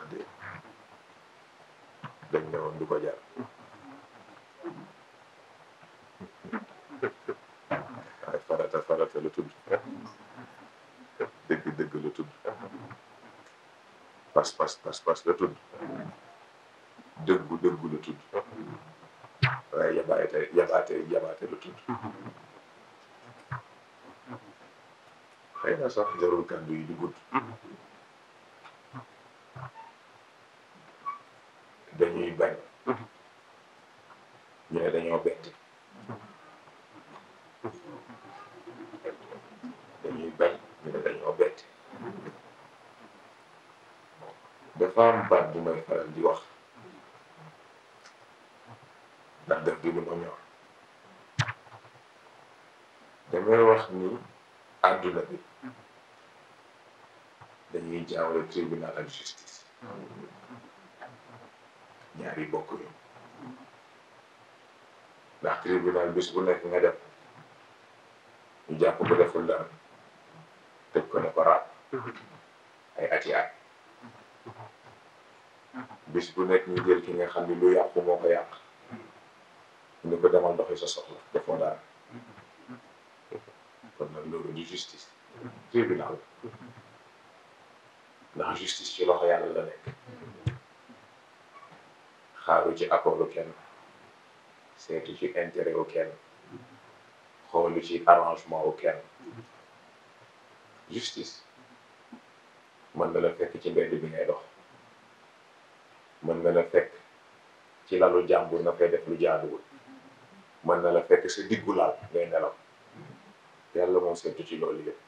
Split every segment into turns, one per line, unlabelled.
sax de dañ ne woon du ko jar waaye farata farata la tudd dëgg dëgg la tudd pas pas pas pas la tudd dëggu dëggu la tudd waaye yabaate yabaate yabaate la tudd xëy na sax jarul kàddu yi di gudd ñu ne dañoo bett dañuy bañ ñu ne dañoo bett dafa am baat bu may faral di wax ndax def gi lu ma ñor damay wax ni àdduna bi dañuy jaawale tribunal ak justice ñaari bokk ndax tribunal bis bu nekk nga dem ñu jàpp ko deful daal tëj ko ne ko raap ay ati at bis bu nekk ñu jël ki nga xam ne lu yàqu moo ko yàq ñu ko demal doxi sa soxla defoo dara kon nag loolu justice tribunal ndax justice ci loxo yàlla la nekk xaaru ci accordu kenn seetu ci intérêt wu kenn xoolu ci arrangement wu kenn justice mën na la fekk ci mbedd bi ngay dox mën na la fekk ci lalu jàmbur na fay def lu jaaduwul mën na la fekk sa diggu laal ngay nelaw yàlla moom seetu ci loolu yëpp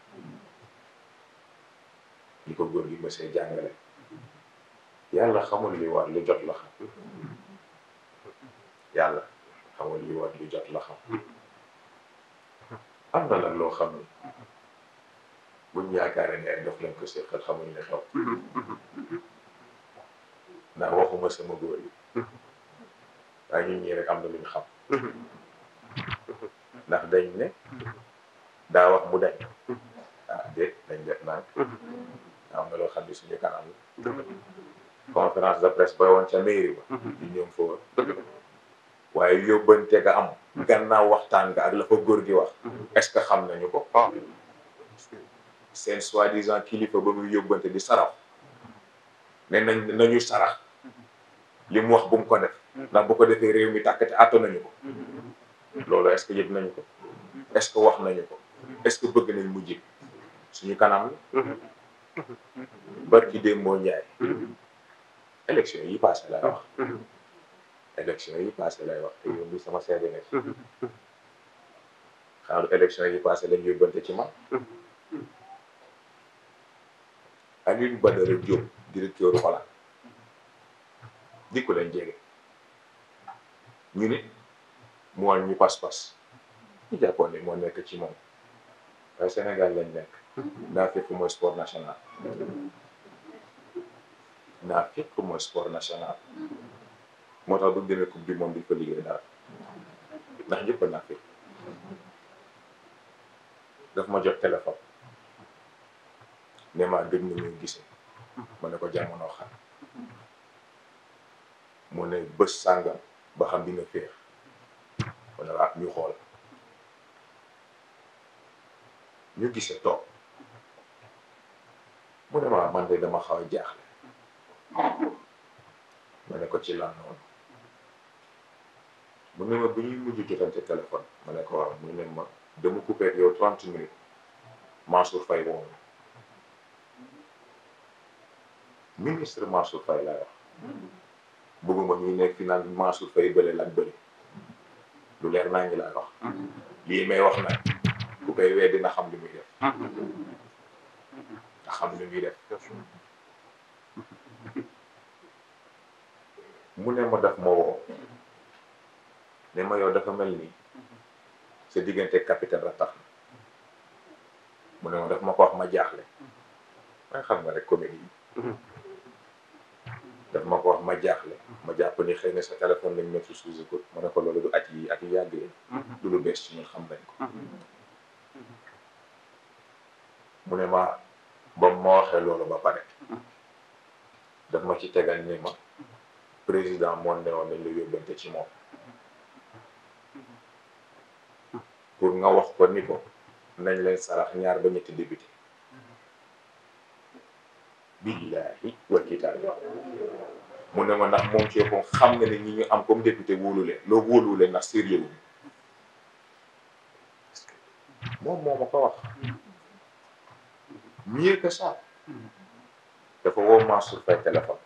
li ko góor gi mësee jàngale yàlla xamul li war li jot la xam yàlla xamal li wat lu jot la xam hmm. am na nag loo xam ni buñ yaakaare ne ay dof lañ ko seqal xamuñ ne xew ndax waxuma sama góor yi waaye ñun rek am na luñ xam ndax dañ ne daa wax mu dañ ah déet dañ def naan am na loo xam ne suñu kanam la conférence de presse ba woon ca mairie ba ñu ñoom fa waaye yóbbante nga am mm-hmm. gannaaw waxtaan nga ak la fa góor gi wax mm-hmm. est-ce que xam nañu ko ah. seen soi-disant kilifa ba muy yóbbante di sarax ne nañ nañu sarax mm-hmm. li mu wax bu ko def ndax bu ko defee réew mi tàkk te àtt nañu ko loolu est-ce que yëg nañu ko est-ce que wax nañu ko est-ce que bëgg nañ mu jib suñu kanam la barki démb moo njaay élection yi passé la wax élection yi passé lay wax te yow mii sama seede ne fi mhm. xanaa du élection yi passé lañ yóbbante ci man mhm. Alioune Badara Diop directeur Xolaat dikku leen jege ñu ni mu wàññi ñu pas-pas ñu jàppoon ne moo nekk ci moom waaye Sénégal lañ nekk mhm. naa fekk mooy sport national naa fekk mooy sport national moo tax bu ñu demee coupe du monde di fa liggéey daal ndax ñëpp a naqe daf ma jot téléphone ne maa gëj nañu gisee ma ne ko jamono xam mu ne bés sàngam ba xam dina féex ma ne waa ah, ñu xool ñu gisee toog mu ne maa ah, man de dama xaw a jaaxle ma ne ko ci laa noonu. mu ne ma bu ñuy mujj jotante téléphone ma ne ko waaw mu ne ma dama coupé ak yow 30 minutes Mansour Faye woo ministre Mansour Faye laa wax bëgguma ñuy nekk fi naan Mansour bële laaj bële lu leer naa ngi laa wax lii may wax nag ku koy wee dina xam li muy def xam mu ne ma daf ma woo ne ma yow dafa mel ni sa diggante capitaine Rattax mu ne ma daf ma ko wax ma jaaxle may xam na rek comédie yi daf ma ko wax ma jaaxle ma jàpp ni xëy na sa téléphone lañ mettre sous écoute ma ne ko loolu du at yi at yàgg du lu bees ci ñun xam nañ ko mu ne ma ba ma waxee loolu ba pare daf ma ci tegal ni ma président moo newoon nañ la yóbbante ci moom pour nga wax ko ni ko nañ leen sarax ñaar ba ñetti député billahi wa kitaabi mu ne ma ndax moom ci boppam xam nga ne ñi ñu am comme député wóolu leen loo wóolu leen ndax sérieux wuñu moom a ma ko wax mieux que dafa woo Mansour Faye téléphone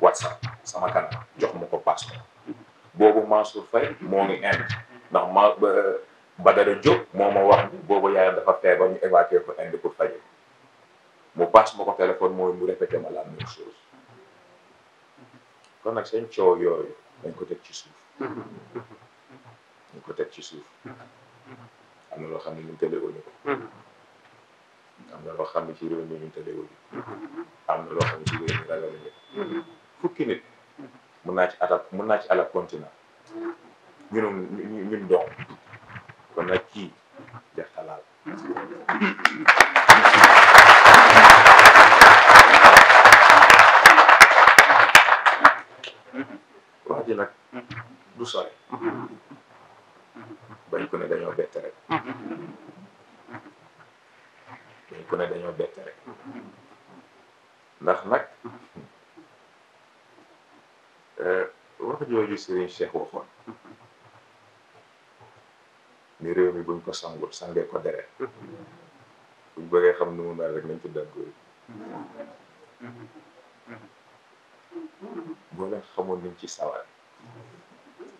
whatsapp sama kanam jox ma ko passeport boobu Mansour Faye moo ngi ndax ma Badara Diop moo ma wax ni boobu yaayam dafa ba ñu évacué ko indi pour faju mu passe ma ko téléphone mooy mu répété ma la même chose kon nag seen coow yooyu dañ ko teg ci suuf dañ ko teg ci suuf am na loo xam ne ñun tëddewuñu ko am na loo xam ci réew mi ñun tëddewuñu am na loo xam ne ci réew mi ragal nañu fukki nit mun naa ci attaque mun naa ci àll continent doom kon nag kii def xalaat wax ji nag du sore bañ ko ne dañoo bett rek bañ ko ne dañoo bett rek ndax nag eh, wax jooju Serigne Cheikh waxoon ni réew mi buñ ko sangul sangee ko deret buñ bëggee xam nu mu mel rek nañ ci dàggoo yi boo leen xamoon niñ ci sawar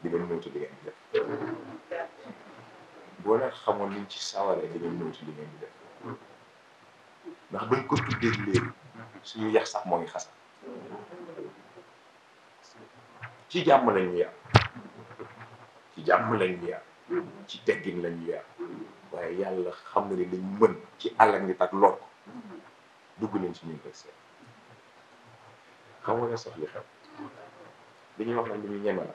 di ngeen nuuti li ngeen di def boo leen xamoon niñ ci sawaree di ngeen li suñu yax sax moo ngi xasa ci jàmm lañ ñu yàq ci jàmm lañ ñu yàq teggin lañ yar waaye yàlla xam na ni lañ mën ci àll nit ak lor dugg nañ ci ñun rek seen xam nga ne soxli xew li ñuy wax nag lu ñu ñeme la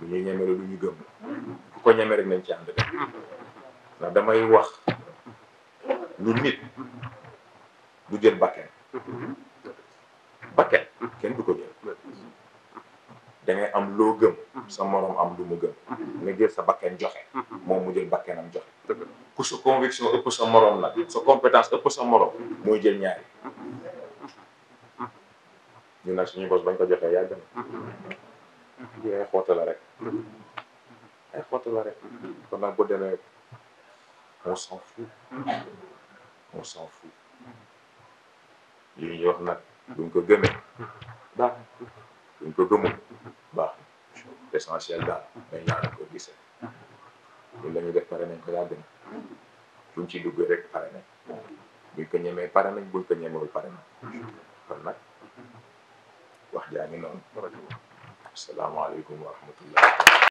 lu ñu gëm la ku ko ñeme rek nañ ci ànd def ndax damay wax lu nit du jël bakkan bakkan kenn du ko jël da ngay am loo gëm mm-hmm. sa morom am lu mu gëm mm-hmm. nga jël sa bakken joxe mm-hmm. moom mu jël bakkenam joxe ku sa conviction ëpp sa morom nag sa compétence ëpp sa morom mooy jël ñaari ñu nag suñu bos bañ ko joxee yàgg na ay xoote la rek ay xoote rek kon nag boo demee on s'en fout on s'en fout lii ñu wax nag duñ ko gëmee baax duñ ko gëmul l'essentiel daal nañ laa ko gisee ñun la ñu def pare nañ ko yàgg na buñ ci dugg rek pare nañ buñ ko ñemee pare nañ buñ ko ñemewul pare nañ nag wax jaa ngi noonu asalaamaaleykum wa rahmatullah